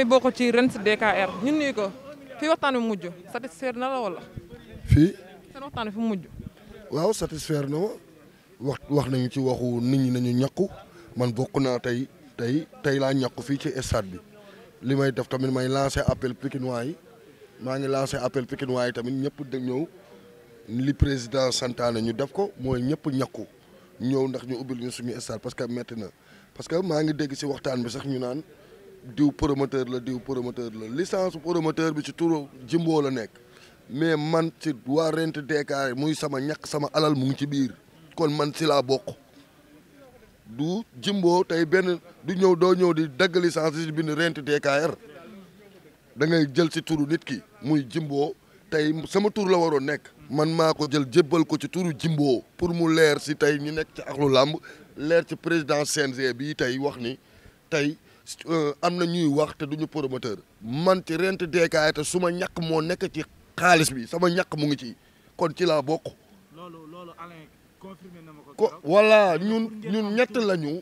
mi bokk ci RENS DKR ñun nuyu ko fii waxtaan bi mujj satisfaire na la wala. fii. seen waxtaan bi fu mujj. waaw satisfaire na ma wax wax nañu ci waxu nit ñi nañu ñàkku man bokk naa tey tey tey laa ñàkku fii ci stade bi li may def tamit may lancer appel Pikinois yi maa ngi lancer appel Pikinois yi tamit ñëpp da ñëw li président santaane ñu def ko mooy ñëpp ñàkku ñëw ndax ñu ubbil ñu suñu stade parce que metti na parce que maa ngi dégg si waxtaan bi sax ñu naan. diw promoteur la diw promoteur la licence promoteur bi ci turu Jimbo la nekk mais man ci waa rent Dakar muy sama ñaq sama alal mu ngi ci biir kon man si laa bokk du Jimbo tey benn du ñëw doo ñëw di dagg licence yi bind rent Dakar da ngay jël si turu nit ki muy Jimbo tey sama tur la waroon nekk man maa ko jël jébbal ko ci turu Jimbo pour mu leer si tey ñu nekk ci axlu làmb leer ci président CNG bi tey wax ni tey Euh, am na ñuy wax te duñu promoteur man ci rent DKR te su ma ñàkk moo nekk ci xaalis bi sama ñàkk mu ngi ci kon ci laa bokk. loolu loolu Alain confirmé na ma ko. voilà ñun ñun ñett lañu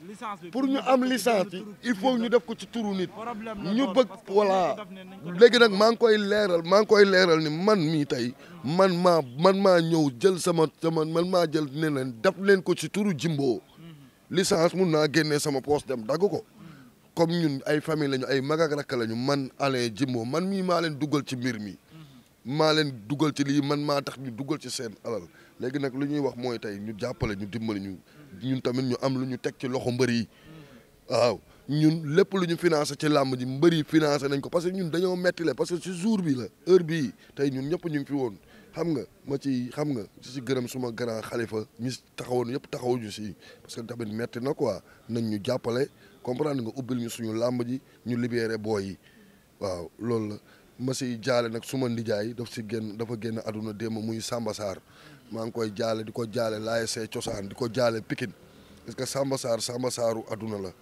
pour ñu am licence yi il faut ñu def ko ci turu nit. ñu bëgg voilà léegi nag maa ngi koy leeral maa ngi koy leeral ni man mii tey man maa man maa ñëw jël sama sama man maa jël ne leen def leen ko ci turu Jimbo mhm. licence mun naa génnee sama poche dem dagg ko. comme ñun ay famille lañu ay mag rakk lañu man Alain Djimbo man mii maa leen dugal ci mbir mii maa leen dugal ci lii man maa tax ñu dugal ci seen alal léegi nag lu ñuy wax mooy tey ñu jàppale ñu dimbali ñu ñun tamit ñu am lu ñu teg ci loxo mbari yi waaw ñun lépp lu ñu financé ci làmb ji mbër yi financé nañ ko parce que ñun dañoo metti le parce que ci jour bi la heure bii tey ñun ñëpp ñu ngi fi woon xam nga ma ci xam nga ci si gërëm suma grand xalifa ñi taxawoon yëpp taxawuñu si parce que tamit metti na ñu jàppale comprendre nga ubbil ñu suñu làmb ji ñu libéré booy yi waaw loolu la ma si jaale nag suma ndijaay daf si génn dafa génn àdduna démb muy Samba Sarr maa ngi koy jaale di ko jaale laaye see cosaan di ko jaale Pikine parce que Samba Sarr Samba Saaru àdduna la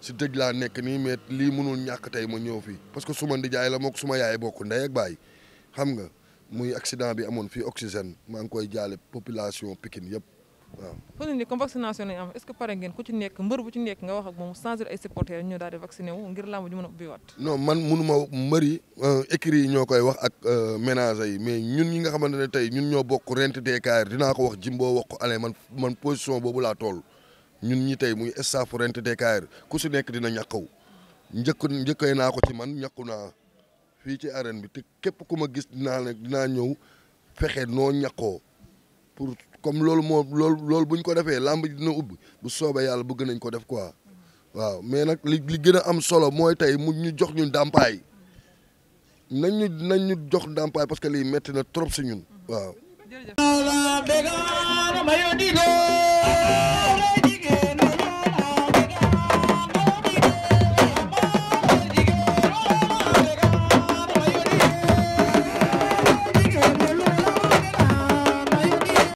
si dëj laa nekk nii mais lii mënul ñàkk tey ma ñëw fii parce que suma ndijaay la mook suma yaay bokk ndey ak baay xam nga muy accident bi amoon fii oxygène maa ngi koy jaale population Pikine yëpp waaw fu ne nii comme vaccination nañu am est-ce que pare ngeen ku ci nekk mbër bu ci nekk nga wax ak moom changer ay supporters ñu daal di vacciné wu ngir làmb ji mën a ubbiwaat non man mënuma mbër yi euh, yi ñoo koy wax ak euh, ménage yi mais ñun ñi nga xamante ne tey ñun ñoo bokk rent DKR dinaa ko wax Jimbo wax ko ale man man position boobu la tool ñun ñi tey muy staff rent DKR ku si nekk dina ñàkkaw njëkk njëkkay naa ko ci man ñàkku naa fii ci arène bi te képp ku ma gis dinaa ne dinaa ñëw fexe noo ñàkkoo comme loolu moo loolu loolu bu ñu ko defee làmb ji dina ubbi bu soobee yàlla bëgg nañ ko def quoi waaw mais nag li li gën a am solo mooy tey mu ñu jox ñu ndàmpaay nañ ñu nañ ñu jox ndàmpaay parce que lii metti na trop si ñun waaw.